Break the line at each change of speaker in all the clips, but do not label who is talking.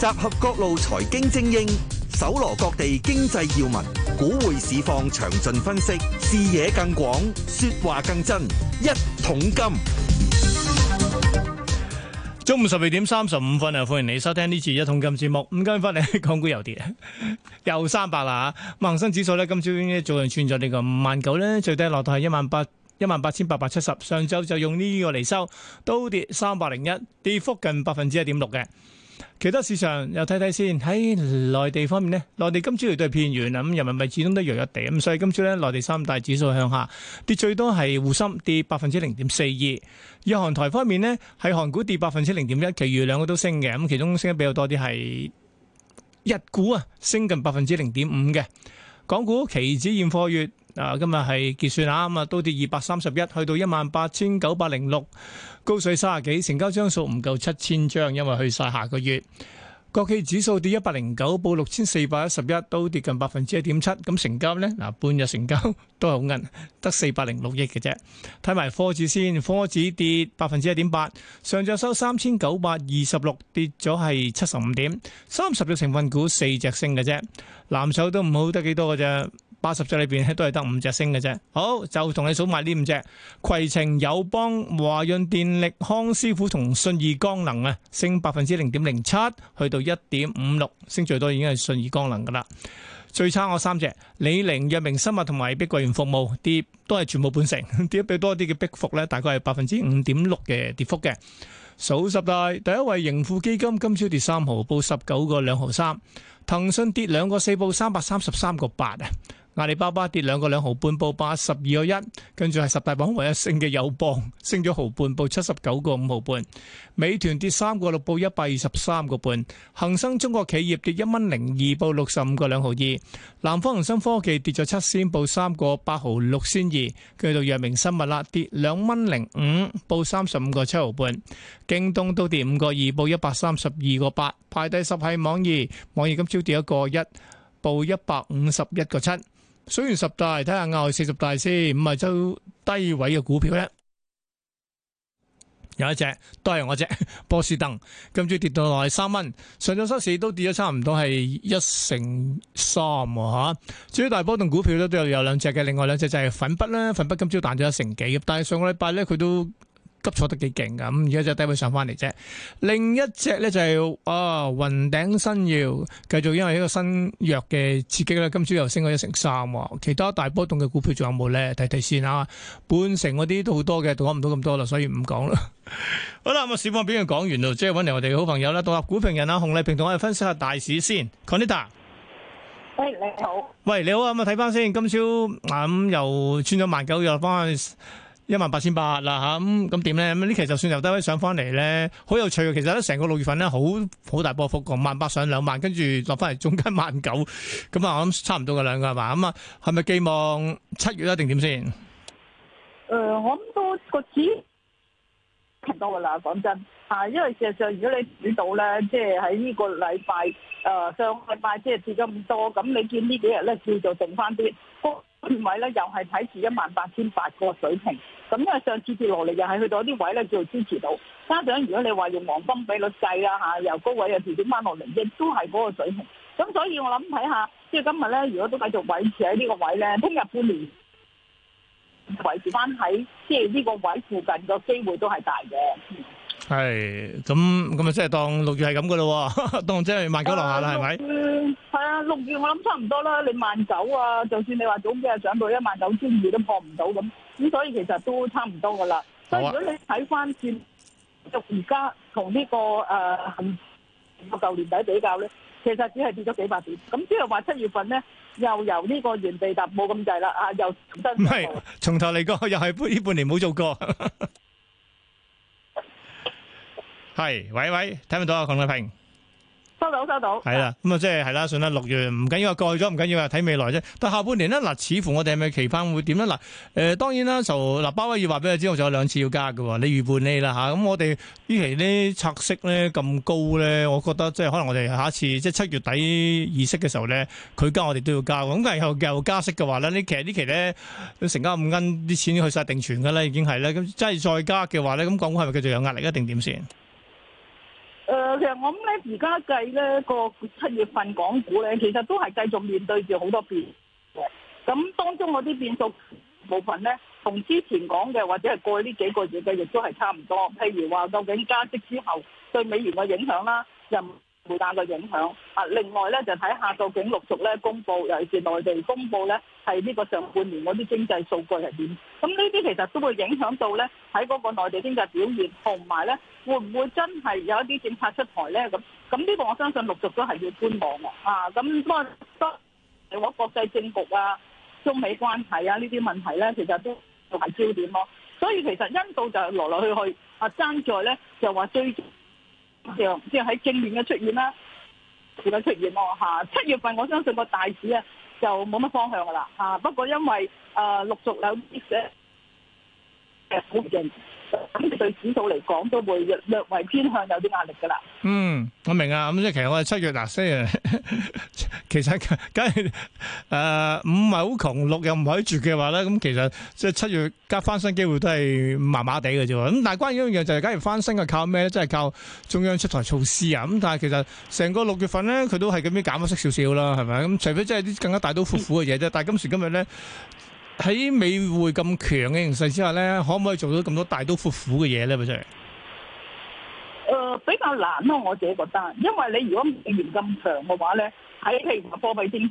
集合各路財經精英，搜羅各地經濟要聞，股匯市況詳盡分析，視野更廣，說話更真。一桶金，中午十二點三十五分啊！歡迎你收聽呢次一桶金節目。咁今日翻嚟，港股又跌啊，又三百啦吓。恒生指數咧，今朝早又串咗呢個五萬九咧，最低落到係一萬八，一萬八千八百七十。上晝就用呢個嚟收，都跌三百零一，跌幅近百分之一點六嘅。其他市場又睇睇先，喺內地方面咧，內地今朝都係偏軟啊，咁，人民幣始終都弱弱地咁，所以今朝咧內地三大指數向下跌，最多係滬深跌百分之零點四二，日韓台方面咧係韓股跌百分之零點一，其餘兩個都升嘅，咁其中升得比較多啲係日股啊，升近百分之零點五嘅，港股期指現貨月。啊，今日係結算啊，啊，都跌二百三十一，去到一萬八千九百零六，高水三十幾，成交張數唔夠七千張，因為去晒下個月。國企指數跌一百零九，報六千四百一十一，都跌近百分之一點七。咁成交呢，嗱，半日成交都係好陰，得四百零六億嘅啫。睇埋科指先，科指跌百分之一點八，上再收三千九百二十六，跌咗係七十五點，三十隻成分股四隻升嘅啫，藍籌都唔好得幾多嘅啫。八十隻裏邊都係得五隻升嘅啫，好就同你數埋呢五隻：攜程、友邦、華潤電力、康師傅同信義光能啊，升百分之零點零七，去到一點五六，升最多已經係信義光能噶啦。最差我三隻：李寧、藥明生物同埋碧桂園服務跌，都係全部半成跌，俾多啲嘅碧服咧，大概係百分之五點六嘅跌幅嘅。數十大第一位盈富基金今朝跌三毫，報十九個兩毫三；騰訊跌兩個四，報三百三十三個八啊。阿里巴巴跌兩個兩毫半，報八十二個一。跟住係十大榜唯一升嘅友邦，升咗毫半，報七十九個五毫半。美團跌三個六，報一百二十三個半。恒生中國企業跌一蚊零二，報六十五個兩毫二。南方恒生科技跌咗七仙，報三個八毫六仙二。跟住到藥明生物啦，跌兩蚊零五，報三十五個七毫半。京東都跌五個二，報一百三十二個八。排第十係網易，網易今朝跌一個一，報一百五十一個七。數完十大，睇下牛四十大先，五十周低位嘅股票咧，有一隻都係我隻波士登，今朝跌到落嚟三蚊，上咗收市都跌咗差唔多係一成三吓、啊。至於大波動股票咧都有有兩隻嘅，另外兩隻就係粉筆啦，粉筆今朝彈咗一成幾，但係上個禮拜咧佢都。急挫得幾勁噶，咁而家就低位上翻嚟啫。另一隻咧就係、是、啊，雲頂新耀繼續因為一個新藥嘅刺激啦，今朝又升咗一成三喎。其他大波動嘅股票仲有冇咧？睇睇先啊。半成嗰啲都好多嘅，講唔到咁多啦，所以唔講啦。 好啦，咁、嗯、啊，市況表就講完咯，即係搵嚟我哋嘅好朋友啦，獨立股評人啊，熊麗萍同我哋分析下大市先。Conita，
喂，你好。
喂，你好啊，咁、嗯、啊，睇翻先看看，今朝咁、嗯、又穿咗萬九入翻。一萬八千八啦嚇，咁咁點咧？咁呢期就算由低位上翻嚟咧，好有趣。其實咧，成個六月份咧，好好大波幅，個萬八上兩萬，跟住落翻嚟總計萬九，咁啊，我諗差唔多嘅兩個係嘛？咁啊，係咪寄望七月一定點先？
誒、呃，我諗都個市多噶啦，講真嚇，因為事實上如果你睇到咧，即係喺呢個禮拜誒、呃、上個禮拜即係跌咗咁多，咁你見呢幾日咧叫做剩翻啲。位咧又係睇住一萬八千八個水平，咁因為上次跌落嚟又係去到一啲位咧，叫做支持到加上。如果你話用黃金比率計呀，嚇、啊，由高位又調整翻落嚟，亦都係嗰個水平。咁所以我諗睇下，即、就、係、是、今日咧，如果都繼續維持喺呢個位咧，聽日半年維持翻喺即係呢個位附近嘅機會都係大嘅。
係，咁咁咪即係當六月係咁噶咯，當即係萬九落下啦，係咪？
嗯，係啊，六吧、啊、月我諗差唔多啦。你萬九啊，就算你話總嘅上到一萬九千二都破唔到咁，咁所以其實都差唔多噶啦。所以如果你睇翻線，就而家同呢個誒，個舊年底比較咧，其實只係跌咗幾百點。咁即係話七月份咧，又由呢個原地踏步咁滯啦，啊，又新唔
係，從頭嚟過，又係呢半年冇做過。 係，喂喂，睇唔到啊，熊麗萍。
收到，收到。
係啦的，咁啊到，即係係啦，算啦。六月唔緊要啊，過去咗唔緊要啊，睇未來啫。但下半年咧，嗱、呃，似乎我哋係咪七翻身會點咧？嗱，誒，當然啦，就嗱，巴、呃、威爾話俾你知，我仲有兩次要加嘅。你預判你啦吓，咁、啊、我哋呢期呢拆息咧咁高咧，我覺得即係可能我哋下一次即係七月底議息嘅時候咧，佢加我哋都要加。咁佢又又加息嘅話咧，你其實期呢期咧成家五蚊啲錢去晒定存噶啦，已經係咧。咁即係再加嘅話咧，咁港股係咪繼續有壓力一定點先？
其實我諗咧，而家計咧個七月份港股咧，其實都係繼續面對住好多變嘅。咁當中嗰啲變數部分咧，同之前講嘅或者係過去呢幾個月嘅亦都係差唔多。譬如話，究竟加息之後對美元嘅影響啦，又。好大嘅影響啊，另外咧就睇下究竟陸續咧公布，尤其是內地公布咧，係呢個上半年嗰啲經濟數據係點。咁呢啲其實都會影響到咧，喺嗰個內地經濟表現，同埋咧會唔會真係有一啲政策出台咧？咁咁呢個我相信陸續都係要觀望嘅。啊，咁不過得我國際政局啊、中美關係啊呢啲問題咧，其實都係焦點咯。所以其實因素就係來來去去啊爭在咧，就話最。即係喺正面嘅出現啦，負面出現咯吓。七月份我相信個大市啊，就冇乜方向噶啦吓。不過因為誒陸續有啲嘅誒好嘅。咁對
指數嚟講，都會略為偏向有啲壓力噶啦。嗯，我明啊，咁即係其實我係七月嗱聲啊，其實梗係誒，五唔係好窮，六又唔可以住嘅話咧，咁其實即係七月加翻身機會都係麻麻地嘅啫。咁但係關於一樣就係，假如翻身係靠咩咧？即係靠中央出台措施啊。咁但係其實成個六月份咧，佢都係咁樣減咗息少少啦，係咪？咁除非即係啲更加大刀闊斧嘅嘢啫。但係今時今日咧。喺美匯咁強嘅形勢之下咧，可唔可以做到咁多大刀闊斧嘅嘢咧？咪就係，
誒比較難咯，我自己覺得，因為你如果美元咁強嘅話咧，喺譬如話貨幣政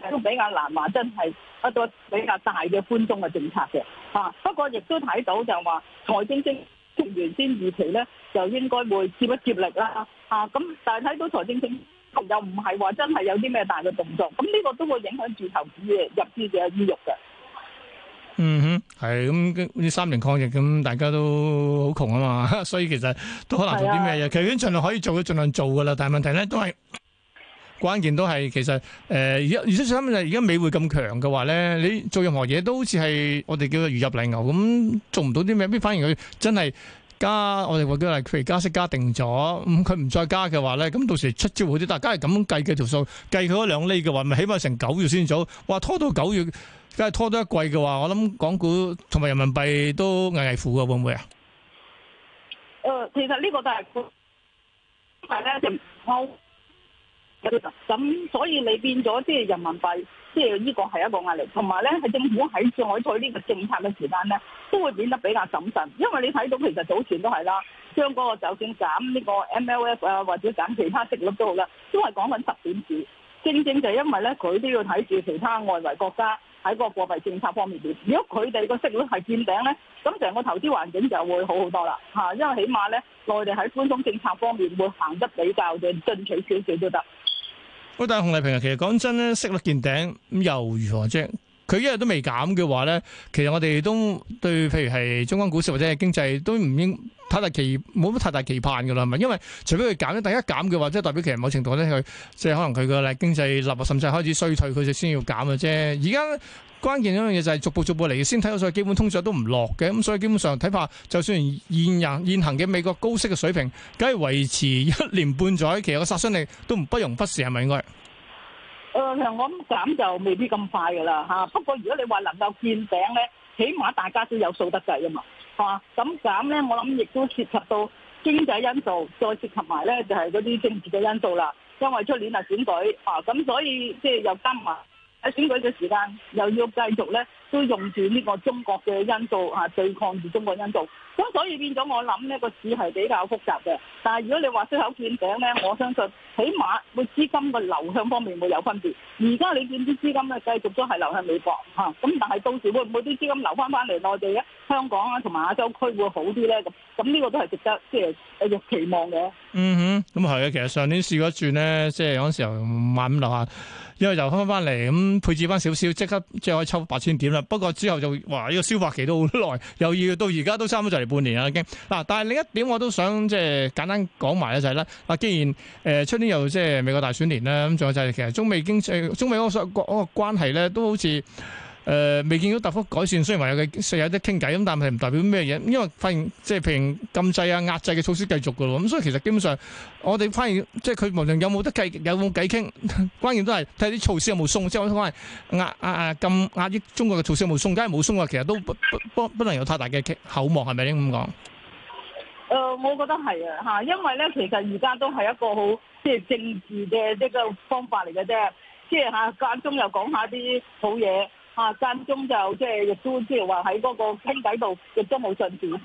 策都比較難話真係一個比較大嘅寬鬆嘅政策嘅嚇。不過亦都睇到就話財政政策同原先預期咧，就應該會接一接力啦嚇。咁但係睇到財政政策又唔係話真係有啲咩大嘅動作，咁呢個都會影響住投資嘅入市者嘅意欲嘅。
嗯哼，係咁，呢三年抗疫咁，大家都好窮啊嘛，所以其實都可能做啲咩嘢，的其實已經盡量可以做嘅盡量做噶啦。但係問題咧，鍵都係關鍵都係，其實誒，而、呃、家如果最慘就而家美匯咁強嘅話咧，你做任何嘢都好似係我哋叫如入泥牛，咁做唔到啲咩？邊反而佢真係加，我哋話叫係佢加息加定咗，佢、嗯、唔再加嘅話咧，咁到時出招嗰啲，大家係咁樣計嘅條數，計佢嗰兩厘嘅話，咪起碼成九月先做，哇，拖到九月。係拖多一季嘅話，我諗港股同埋人民幣都危危乎嘅，會唔會啊？誒、
呃，其實呢個都係，咧就咁所以你變咗即係人民幣，即係呢個係一個壓力，同埋咧係政府喺採取呢個政策嘅時間咧，都會變得比較審慎。因為你睇到其實早前都係啦，將、嗰個就算減呢個 MLF 啊，或者減其他息率都好啦，都係講緊十點幾。正正就係因為咧，佢都要睇住其他外圍國家喺個貨幣政策方面點。如果佢哋個息率係見頂咧，咁成個投資環境就會好好多啦嚇。因為起碼咧，內地喺寬鬆政策方面會行得比較嘅進取少少都得。
好，但係熊麗萍啊，其實講真咧，息率見頂咁又如何啫？佢一日都未減嘅話咧，其實我哋都對，譬如係中港股市或者係經濟都唔應太大期，冇乜太大期盼㗎啦，係咪？因為除非佢減咧，第一減嘅話，即係代表其實某程度咧，佢即係可能佢個經濟立甚至開始衰退，佢就先要減嘅啫。而家關鍵一樣嘢就係逐步逐步嚟，先睇到所以基本通脹都唔落嘅，咁所以基本上睇怕，就算現行現行嘅美國高息嘅水平，梗係維持一年半載，其實個殺傷力都唔不容忽視，係咪應該？
誒，其實我諗減就未必咁快㗎喇，嚇。不過如果你話能夠見頂咧，起碼大家都有數得計啊嘛，嚇。咁減咧，我諗亦都涉及到經濟因素，再涉及埋咧就係嗰啲政治嘅因素啦。因為出年啊選舉啊，咁所以即係又加埋。喺選舉嘅時間，又要繼續咧，都用住呢個中國嘅因素嚇，對抗住中國因素。咁所以變咗，我諗呢個市係比較複雜嘅。但係如果你話需求見頂咧，我相信起碼個資金嘅流向方面會有分別。而家你見啲資金咧繼續都係流向美國嚇，咁但係到時會唔會啲資金流翻翻嚟內地咧、香港啊同埋亞洲區會好啲咧？咁咁呢個都係值得即係繼續期望嘅。
嗯哼，咁係嘅。其實上年試咗一轉咧，即係嗰時候萬五樓下，因為又返翻翻嚟，咁配置翻少少，即刻即係可以抽八千點啦。不過之後就哇，呢個消化期都好耐，又要到而家都差唔多就嚟半年啦已經。嗱，但係另一點我都想即係簡單講埋一就係咧，既然誒春天又即係美國大選年啦，咁仲有就係其實中美經濟、中美嗰個個關係咧，都好似。.誒未、呃、見到大幅改善，雖然話有嘅，有得傾偈咁，但係唔代表咩嘢？因為發現即係譬如禁制啊、壓制嘅措施繼續嘅咯，咁所以其實基本上我哋發現，即係佢無論有冇得計，有冇偈傾，關鍵都係睇啲措施有冇鬆。即係我講係壓啊啊咁壓抑中國嘅措施有冇鬆？梗係冇鬆嘅，其實都不不，不能有太大嘅厚望，係咪應咁講？誒、呃，我覺得
係啊，嚇，因為咧，其實而家都係一個好即係政治嘅一個方法嚟嘅啫，即係嚇間中又講下啲好嘢。啊，間中就即係亦都即係話喺嗰個傾偈度，亦都冇進展。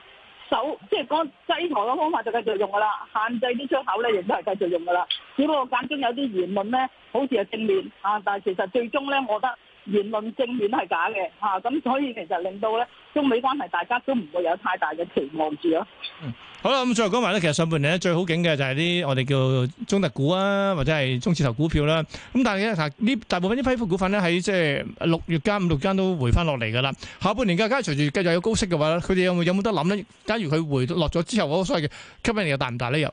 手即係嗰制裁嘅方法就繼續用㗎啦，限制啲出口咧亦都係繼續用㗎啦。只不過間中有啲言論咧，好似係正面啊，但係其實最終咧，我覺得。言論正面都係假嘅嚇，咁、啊、所以其實
令到咧中美關係大家都唔會有太大嘅期望住、啊、咯、嗯。嗯，好啦，咁最後講埋咧，其實上半年咧最好景嘅就係啲我哋叫中特股啊，或者係中字頭股票啦、啊。咁、嗯、但係呢但大部分啲批幅股份咧，喺即係六月間五六間都回翻落嚟㗎啦。下半年嘅，假如隨住繼續有高息嘅話咧，佢哋有冇有冇得諗咧？假如佢回落咗之後，嗰、那個、所謂嘅吸引力又大唔大咧？又，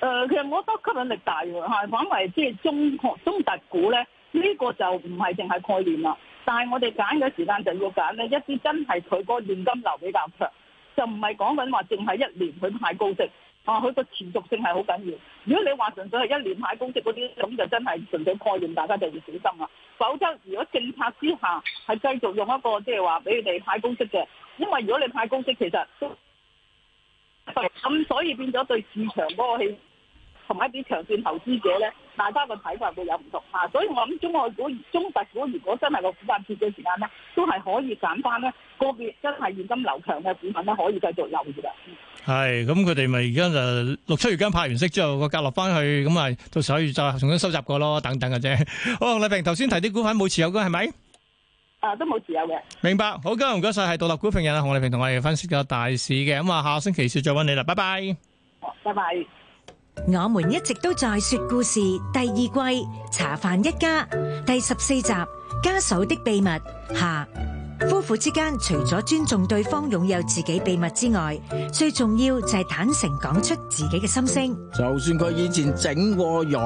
誒，其實我覺得吸引力大喎嚇、啊，反為即係中中特股咧。呢個就唔係淨係概念啦，但係我哋揀嘅時間就要揀呢一啲真係佢個現金流比較強，就唔係講緊話淨係一年佢派高息啊，佢個持續性係好緊要。如果你話純粹係一年派高息嗰啲，咁就真係純粹概念，大家就要小心啦。否則，如果政策之下係繼續用一個即係話俾佢哋派高息嘅，因為如果你派高息，其實都咁，所以變咗對市場嗰個同埋一啲長線投資者咧，大家個睇法會有唔同嚇，所以我諗中外股、中特股，如果真係個股價跌嘅時間咧，都係可以減翻咧。個別真係現金
流強嘅股份咧，可以繼續留意啊。係，咁佢哋咪而家就六七月間派完息之後，個價落翻去咁啊，到時可以再重新收集過咯，等等嘅啫。好，熊麗萍頭先提啲股份冇持有嘅係咪？
啊，都冇持有嘅。
明白，好嘅，唔該曬，係獨立股評人啊，熊麗萍同我哋分析個大市嘅。咁啊，下個星期四再揾你啦，拜拜。好，拜拜。我們一直都在說故事第二季茶飯一家第十四集家嫂的秘密下夫婦之間除咗尊重對方擁有自己秘密之外，最重要就係坦誠講出自己嘅心聲。
就算佢以
前整過容，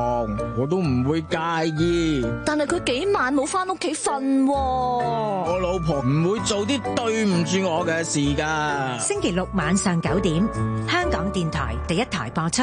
我都唔會介意。
但係佢幾晚冇翻屋
企瞓喎。我老婆唔會做啲對唔住我嘅事㗎。星期六晚上九點，香港電台第一台播出。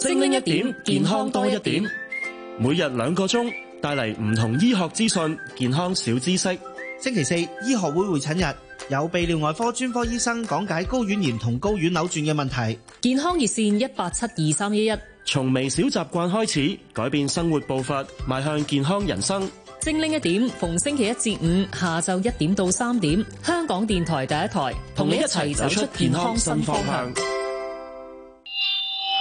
精靈一點，健康多一點。每日兩個鐘，帶嚟唔同醫學資訊、健康小知識。星期四醫學會會診日，有泌尿外科專科醫生講解睾丸炎同睾丸扭轉嘅問題。
健康熱線一八七二三一一。
從微小習慣開始，改變生活步伐，邁向健康人生。
精靈一點，逢星期一至五下晝一點到三點，香港電台第一台，同你一齊走出健康新方向。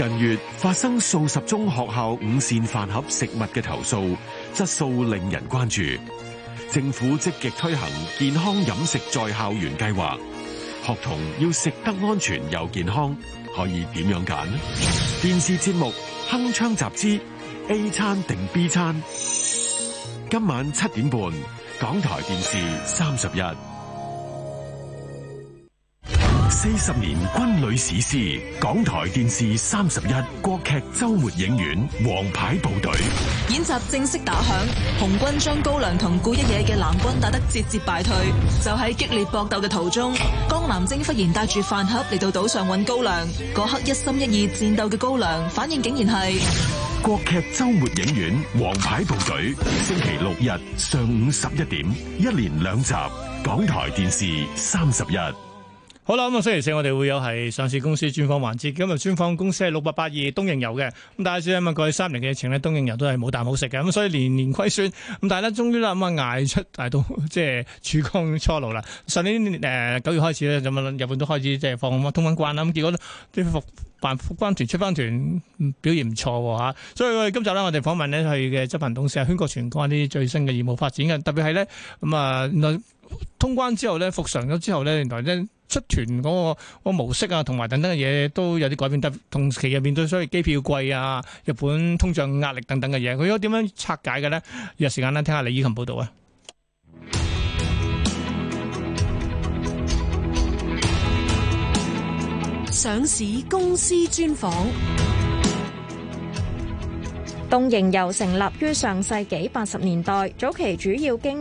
近月發生數十宗學校午膳飯盒食物嘅投訴，質素令人關注。政府積極推行健康飲食在校園計劃，學童要食得安全又健康，可以點樣揀呢？電視節目鏗鏘集之，A 餐定 B 餐？今晚七點半，港台電視三十一。四十年軍旅史詩，港台電視三十一國劇周末影院王牌部隊
演習正式打響，紅軍將高粱同顧一野嘅藍軍打得節節敗退。就喺激烈搏鬥嘅途中，江南征忽然帶住飯盒嚟到島上揾高粱。嗰刻一心一意戰鬥嘅高粱，反應竟然係
國劇周末影院王牌部隊。星期六日上午十一點，一連兩集，港台電視三十一。好啦，咁啊星期四我哋會有係上市公司專訪環節，今日專訪公司係六八八二東瀛遊嘅，咁但係算係過去三年嘅疫情咧，東瀛遊都係冇啖好食嘅，咁所以年年虧損，咁但係咧終於啦咁啊捱出捱到即係曙光初露啦，上年誒九月開始咧，咁日本都開始即係放通關啦，咁結果啲復辦復關團出關團表現唔錯吓，所以今日咧我哋訪問咧佢嘅執行董事褟國全關啲最新嘅業務發展嘅，特別係咧咁啊。通關之後咧，復常咗之後咧，原來咧出團嗰個嗰個模式啊，同埋等等嘅嘢都有啲改變。特同期入面對所以機票貴啊，日本通脹壓力等等嘅嘢，佢有點樣拆解嘅呢？有時間咧，聽下李依琴報道啊！上市公司專訪，東瀛遊成立於上世紀八十年代，早期主要經